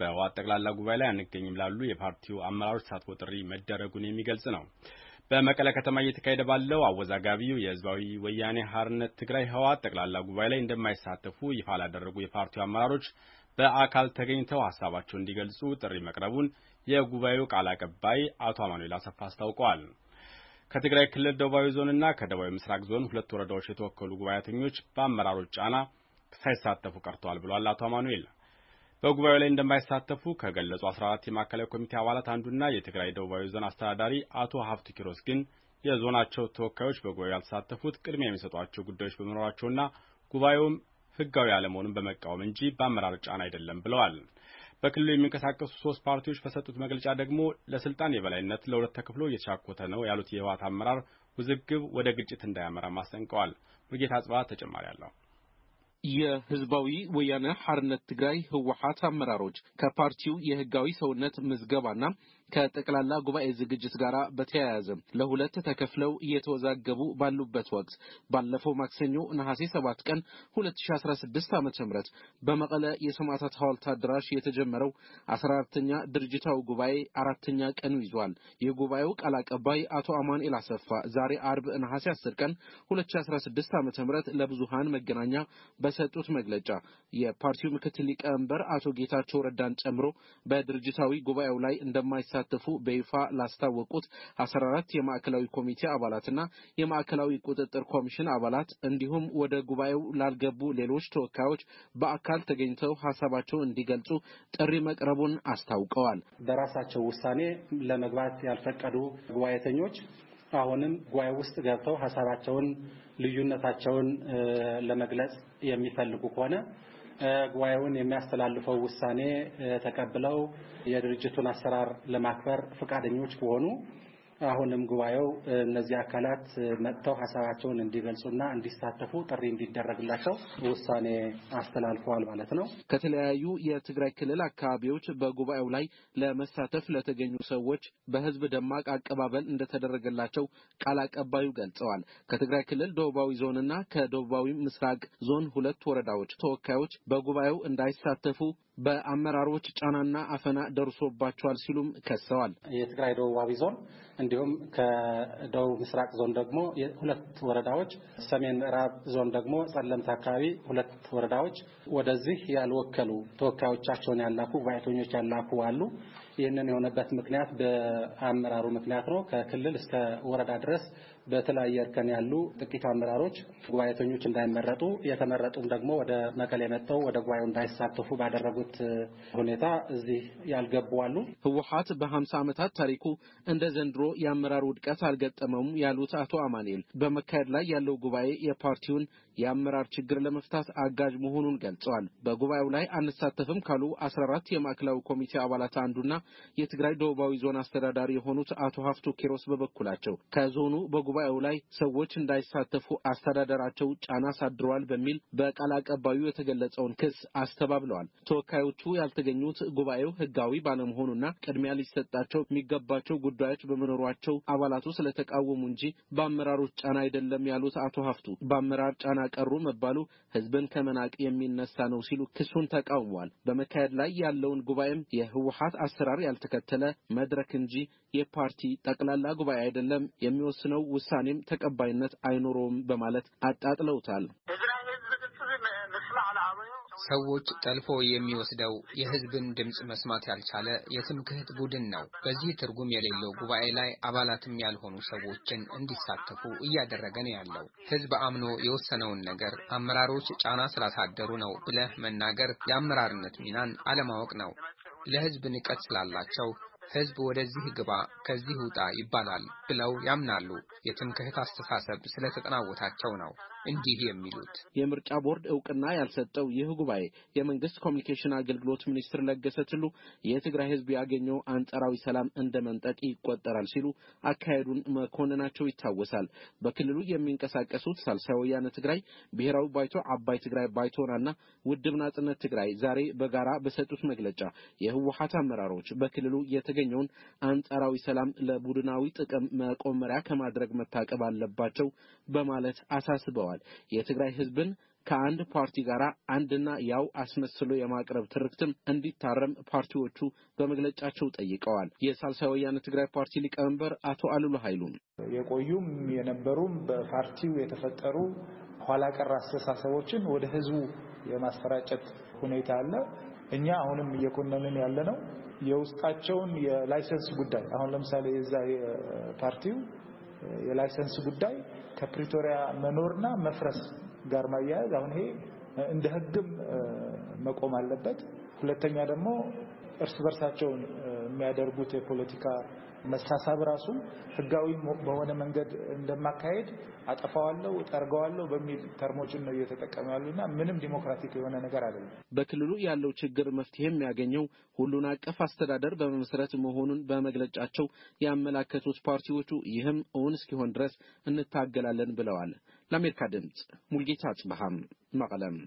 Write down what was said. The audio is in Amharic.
በህወሓት ጠቅላላ ጉባኤ ላይ አንገኝም ላሉ የፓርቲው አመራሮች ተሳትፎ ጥሪ መደረጉን የሚገልጽ ነው። በመቀለ ከተማ እየተካሄደ ባለው አወዛጋቢው የህዝባዊ ወያኔ ሀርነት ትግራይ ህወሓት ጠቅላላ ጉባኤ ላይ እንደማይሳተፉ ይፋ ላደረጉ የፓርቲው አመራሮች በአካል ተገኝተው ሀሳባቸው እንዲገልጹ ጥሪ መቅረቡን የጉባኤው ቃል አቀባይ አቶ አማኑኤል አሰፋ አስታውቀዋል። ከትግራይ ክልል ደቡባዊ ዞንና ከደቡባዊ ምስራቅ ዞን ሁለት ወረዳዎች የተወከሉ ጉባኤተኞች በአመራሮች ጫና ሳይሳተፉ ቀርተዋል ብሏል አቶ አማኑኤል። በጉባኤው ላይ እንደማይሳተፉ ከገለጹ 14 የማዕከላዊ ኮሚቴ አባላት አንዱና የትግራይ ደቡባዊ ዞን አስተዳዳሪ አቶ ሀብቱ ኪሮስ ግን የዞናቸው ተወካዮች በጉባኤው ያልተሳተፉት ቅድሚያ የሚሰጧቸው ጉዳዮች በመኖራቸውና ጉባኤውም ህጋዊ አለመሆኑን በመቃወም እንጂ በአመራር ጫና አይደለም ብለዋል። በክልሉ የሚንቀሳቀሱ ሶስት ፓርቲዎች በሰጡት መግለጫ ደግሞ ለስልጣን የበላይነት ለሁለት ተከፍሎ እየተሻኮተ ነው ያሉት የህወሓት አመራር ውዝግብ ወደ ግጭት እንዳያመራ ማስጠንቀዋል። ብርጌታ ጽባ ተጨማሪ አለው። የህዝባዊ ወያነ ሐርነት ትግራይ ህወሓት አመራሮች ከፓርቲው የህጋዊ ሰውነት ምዝገባና ከጠቅላላ ጉባኤ ዝግጅት ጋር በተያያዘ ለሁለት ተከፍለው እየተወዛገቡ ባሉበት ወቅት ባለፈው ማክሰኞ ነሐሴ 7 ቀን 2016 ዓ ም በመቀለ የሰማዕታት ሐውልት አዳራሽ የተጀመረው 14ተኛ ድርጅታዊ ጉባኤ አራተኛ ቀኑ ይዟል። የጉባኤው ቃል አቀባይ አቶ አማኑኤል አሰፋ ዛሬ አርብ ነሐሴ 10 ቀን 2016 ዓ ም ለብዙሃን መገናኛ በሰጡት መግለጫ የፓርቲው ምክትል ሊቀመንበር አቶ ጌታቸው ረዳን ጨምሮ በድርጅታዊ ጉባኤው ላይ እንደማይሳ እንደሚሳተፉ በይፋ ላስታወቁት አስራ አራት የማዕከላዊ ኮሚቴ አባላትና የማዕከላዊ ቁጥጥር ኮሚሽን አባላት እንዲሁም ወደ ጉባኤው ላልገቡ ሌሎች ተወካዮች በአካል ተገኝተው ሀሳባቸውን እንዲገልጹ ጥሪ መቅረቡን አስታውቀዋል። በራሳቸው ውሳኔ ለመግባት ያልፈቀዱ ጉባኤተኞች አሁንም ጉባኤ ውስጥ ገብተው ሀሳባቸውን፣ ልዩነታቸውን ለመግለጽ የሚፈልጉ ከሆነ ጉባኤውን የሚያስተላልፈው ውሳኔ ተቀብለው የድርጅቱን አሰራር ለማክበር ፈቃደኞች ከሆኑ አሁንም ጉባኤው እነዚህ አካላት መጥተው ሀሳባቸውን እንዲገልጹና እንዲሳተፉ ጥሪ እንዲደረግላቸው ውሳኔ አስተላልፈዋል ማለት ነው። ከተለያዩ የትግራይ ክልል አካባቢዎች በጉባኤው ላይ ለመሳተፍ ለተገኙ ሰዎች በህዝብ ደማቅ አቀባበል እንደተደረገላቸው ቃል አቀባዩ ገልጸዋል። ከትግራይ ክልል ደቡባዊ ዞንና ከደቡባዊ ምስራቅ ዞን ሁለት ወረዳዎች ተወካዮች በጉባኤው እንዳይሳተፉ በአመራሮች ጫናና አፈና ደርሶባቸዋል ሲሉም ከሰዋል። የትግራይ ደቡባዊ ዞን እንዲሁም ከደቡብ ምስራቅ ዞን ደግሞ ሁለት ወረዳዎች፣ ሰሜን ምዕራብ ዞን ደግሞ ጸለምት አካባቢ ሁለት ወረዳዎች ወደዚህ ያልወከሉ ተወካዮቻቸውን ያላኩ ጉባኤተኞች ያላኩ አሉ። ይህንን የሆነበት ምክንያት በአመራሩ ምክንያት ነው። ከክልል እስከ ወረዳ ድረስ በተለያየ እርከን ያሉ ጥቂት አመራሮች ጉባኤተኞች እንዳይመረጡ የተመረጡም ደግሞ ወደ መቀሌ መጥተው ወደ ጉባኤው እንዳይሳተፉ ባደረጉት ሁኔታ እዚህ ያልገቡ አሉ። ህወሀት በሀምሳ ዓመታት ታሪኩ እንደ ዘንድሮ የአመራር ውድቀት አልገጠመውም ያሉት አቶ አማኑኤል በመካሄድ ላይ ያለው ጉባኤ የፓርቲውን የአመራር ችግር ለመፍታት አጋዥ መሆኑን ገልጸዋል። በጉባኤው ላይ አንሳተፍም ካሉ አስራ አራት የማዕከላዊ ኮሚቴ አባላት አንዱና የትግራይ ደቡባዊ ዞን አስተዳዳሪ የሆኑት አቶ ሀፍቱ ኪሮስ በበኩላቸው ከዞኑ በጉባኤው ላይ ሰዎች እንዳይሳተፉ አስተዳደራቸው ጫና አሳድሯል በሚል በቃል አቀባዩ የተገለጸውን ክስ አስተባብለዋል። ተወካዮቹ ያልተገኙት ጉባኤው ህጋዊ ባለመሆኑና ቅድሚያ ሊሰጣቸው የሚገባቸው ጉዳዮች በመኖሯቸው አባላቱ ስለተቃወሙ እንጂ በአመራሮች ጫና አይደለም ያሉት አቶ ሀፍቱ በአመራር ጫና ቀሩ መባሉ ህዝብን ከመናቅ የሚነሳ ነው ሲሉ ክሱን ተቃውሟል። በመካሄድ ላይ ያለውን ጉባኤም የህወሀት አሰራር ያልተከተለ መድረክ እንጂ የፓርቲ ጠቅላላ ጉባኤ አይደለም፣ የሚወስነው ውሳኔም ተቀባይነት አይኖረውም በማለት አጣጥለውታል። ሰዎች ጠልፎ የሚወስደው የህዝብን ድምፅ መስማት ያልቻለ የትምክህት ቡድን ነው። በዚህ ትርጉም የሌለው ጉባኤ ላይ አባላትም ያልሆኑ ሰዎችን እንዲሳተፉ እያደረገ ነው ያለው። ሕዝብ አምኖ የወሰነውን ነገር አመራሮች ጫና ስላሳደሩ ነው ብለህ መናገር የአመራርነት ሚናን አለማወቅ ነው። ለህዝብ ንቀት ስላላቸው ህዝብ ወደዚህ ግባ ከዚህ ውጣ ይባላል ብለው ያምናሉ። የትምክህት አስተሳሰብ ስለተጠናወታቸው ነው። እንዲህ የሚሉት። የምርጫ ቦርድ እውቅና ያልሰጠው ይህ ጉባኤ የመንግስት ኮሚኒኬሽን አገልግሎት ሚኒስትር ለገሰ ቱሉ የትግራይ ህዝብ ያገኘው አንጻራዊ ሰላም እንደ መንጠቅ ይቆጠራል ሲሉ አካሄዱን መኮንናቸው ይታወሳል። በክልሉ የሚንቀሳቀሱት ሳልሳይ ወያነ ትግራይ፣ ብሔራዊ ባይቶ አባይ ትግራይ ባይቶናና ውድብ ናጽነት ትግራይ ዛሬ በጋራ በሰጡት መግለጫ የህወሀት አመራሮች በክልሉ የተገኘውን አንጻራዊ ሰላም ለቡድናዊ ጥቅም መቆመሪያ ከማድረግ መታቀብ አለባቸው በማለት አሳስበዋል። አድርገዋል። የትግራይ ህዝብን ከአንድ ፓርቲ ጋር አንድና ያው አስመስሎ የማቅረብ ትርክትም እንዲታረም ፓርቲዎቹ በመግለጫቸው ጠይቀዋል። የሳልሳይ ወያነ ትግራይ ፓርቲ ሊቀመንበር አቶ አሉሉ ኃይሉም የቆዩም የነበሩም በፓርቲው የተፈጠሩ ኋላ ቀር አስተሳሰቦችን ወደ ህዝቡ የማሰራጨት ሁኔታ አለ። እኛ አሁንም እየኮነንን ያለ ነው የውስጣቸውን የላይሰንስ ጉዳይ አሁን ለምሳሌ የዛ የፓርቲው የላይሰንስ ጉዳይ ከፕሪቶሪያ መኖርና መፍረስ ጋር ማያያዝ አሁን ይሄ እንደ ህግም መቆም አለበት። ሁለተኛ ደግሞ እርስ በርሳቸውን የሚያደርጉት የፖለቲካ መሳሳብ ራሱ ህጋዊ በሆነ መንገድ እንደማካሄድ አጠፋዋለሁ፣ ጠርገዋለሁ በሚል ተርሞችን ነው እየተጠቀሙ ያሉና ምንም ዲሞክራቲክ የሆነ ነገር አይደለም። በክልሉ ያለው ችግር መፍትሄ የሚያገኘው ሁሉን አቀፍ አስተዳደር በመመስረት መሆኑን በመግለጫቸው ያመላከቱት ፓርቲዎቹ ይህም እውን እስኪሆን ድረስ እንታገላለን ብለዋል። ለአሜሪካ ድምፅ ሙልጌታ አጽበሃም መቀለም